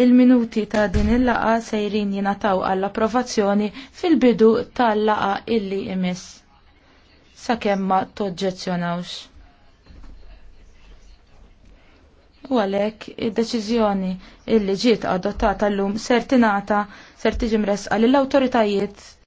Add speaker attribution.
Speaker 1: il-minuti ta' din il-laqa sejrin jinataw għall-approvazzjoni fil-bidu tal-laqa illi jmiss. Sakemm ma toġġezzjonawx. U għalhekk id-deċiżjoni illi ġiet adottata llum ser tingħata ser tiġi mresqa lill-awtoritajiet